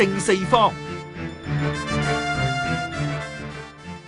正四方。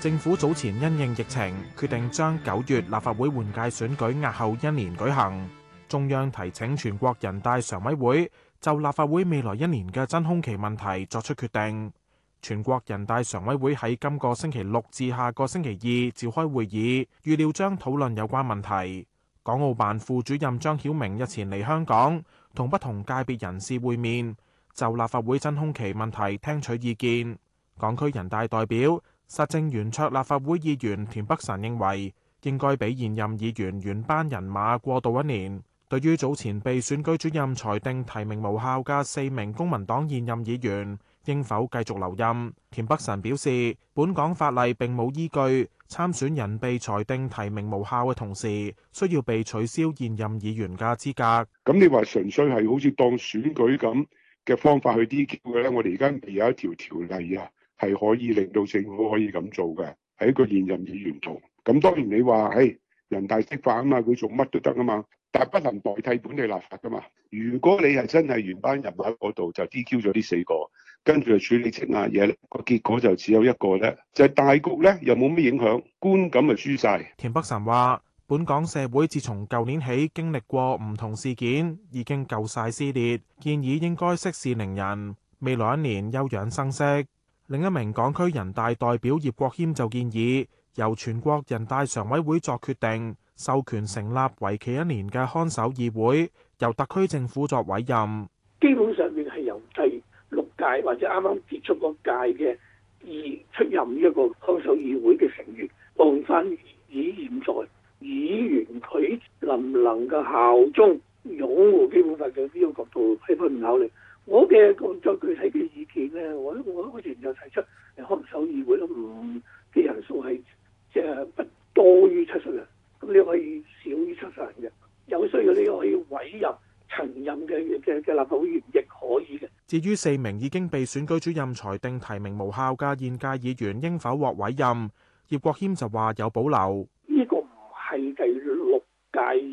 政府早前因應疫情，決定將九月立法會換屆選舉押後一年舉行。中央提請全國人大常委會就立法會未來一年嘅真空期問題作出決定。全國人大常委會喺今個星期六至下個星期二召開會議，預料將討論有關問題。港澳辦副主任張曉明日前嚟香港，同不同界別人士會面。就立法會真空期問題聽取意見，港區人大代表、實政圓桌立法會議員田北辰認為，應該俾現任議員原班人馬過渡一年。對於早前被選舉主任裁定提名無效嘅四名公民黨現任議員，應否繼續留任？田北辰表示，本港法例並冇依據，參選人被裁定提名無效嘅同時，需要被取消現任議員嘅資格。咁你話純粹係好似當選舉咁？嘅方法去 DQ 嘅咧，我哋而家未有一條條例啊，係可以令到政府可以咁做嘅，係一個現任議員度。咁當然你話，嘿人大釋法啊嘛，佢做乜都得啊嘛，但係不能代替本地立法噶嘛。如果你係真係原班人馬嗰度，就 DQ 咗呢四個，跟住就處理其他嘢，個結果就只有一個咧，就係、是、大局咧又冇咩影響，觀感就輸晒。田北辰話。本港社會自從舊年起經歷過唔同事件，已經夠晒撕裂，建議應該息事寧人。未來一年休養生息。另一名港區人大代表葉國謙就建議由全國人大常委會作決定，授權成立為期一年嘅看守議會，由特區政府作委任。基本上面係由第六屆或者啱啱結束嗰屆嘅議出任一個看守議會嘅成員，換翻以現在。議員佢能唔能夠效忠擁護基本法嘅呢個角度喺佢唔考慮，我嘅個再具體嘅意見咧，我我之前就提出，可能守議會都唔嘅人數係即係不多於七十人，咁你可以少於七十人嘅，有需要你可以委任曾任嘅嘅嘅立法會議員亦可以嘅。至於四名已經被選舉主任裁定提名無效嘅現屆議員應否獲委任，葉國謙就話有保留。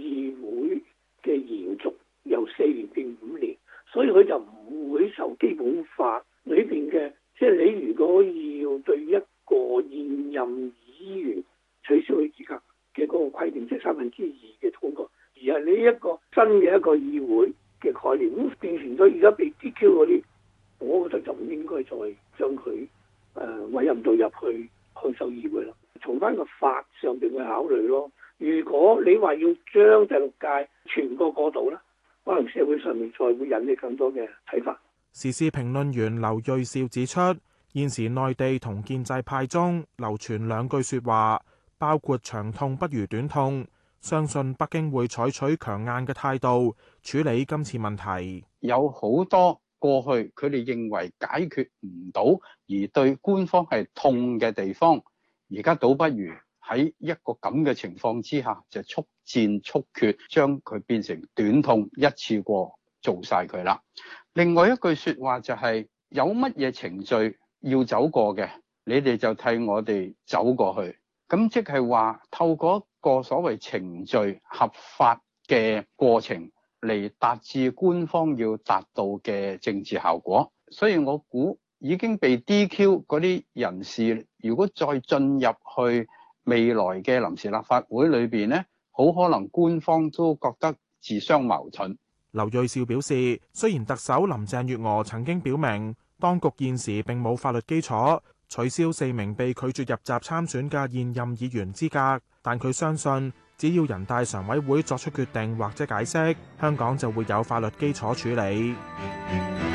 議會嘅延續由四年變五年，所以佢就唔會受基本法裏邊嘅，即係你如果要對一個現任議員取消佢資格嘅嗰個規定，即係三分之二嘅通過，而係你一個新嘅一個議會嘅概念，咁變成咗而家被 DQ 嗰啲，我覺得就唔應該再將佢誒、呃、委任到入去看守議會啦，從翻個法上邊去考慮咯。如果你話要將第六屆全個過渡呢，可能社會上面才會引起更多嘅睇法。時事評論員劉銳紹指出，現時內地同建制派中流傳兩句説話，包括長痛不如短痛，相信北京會採取強硬嘅態度處理今次問題。有好多過去佢哋認為解決唔到而對官方係痛嘅地方，而家倒不如。喺一個咁嘅情況之下，就速戰速決，將佢變成短痛，一次過做晒佢啦。另外一句説話就係：有乜嘢程序要走過嘅，你哋就替我哋走過去。咁即係話透過一個所謂程序合法嘅過程，嚟達至官方要達到嘅政治效果。所以我估已經被 DQ 嗰啲人士，如果再進入去，未來嘅臨時立法會裏邊咧，好可能官方都覺得自相矛盾。劉瑞兆表示，雖然特首林鄭月娥曾經表明，當局現時並冇法律基礎取消四名被拒絕入閘參選嘅現任議員資格，但佢相信，只要人大常委會作出決定或者解釋，香港就會有法律基礎處理。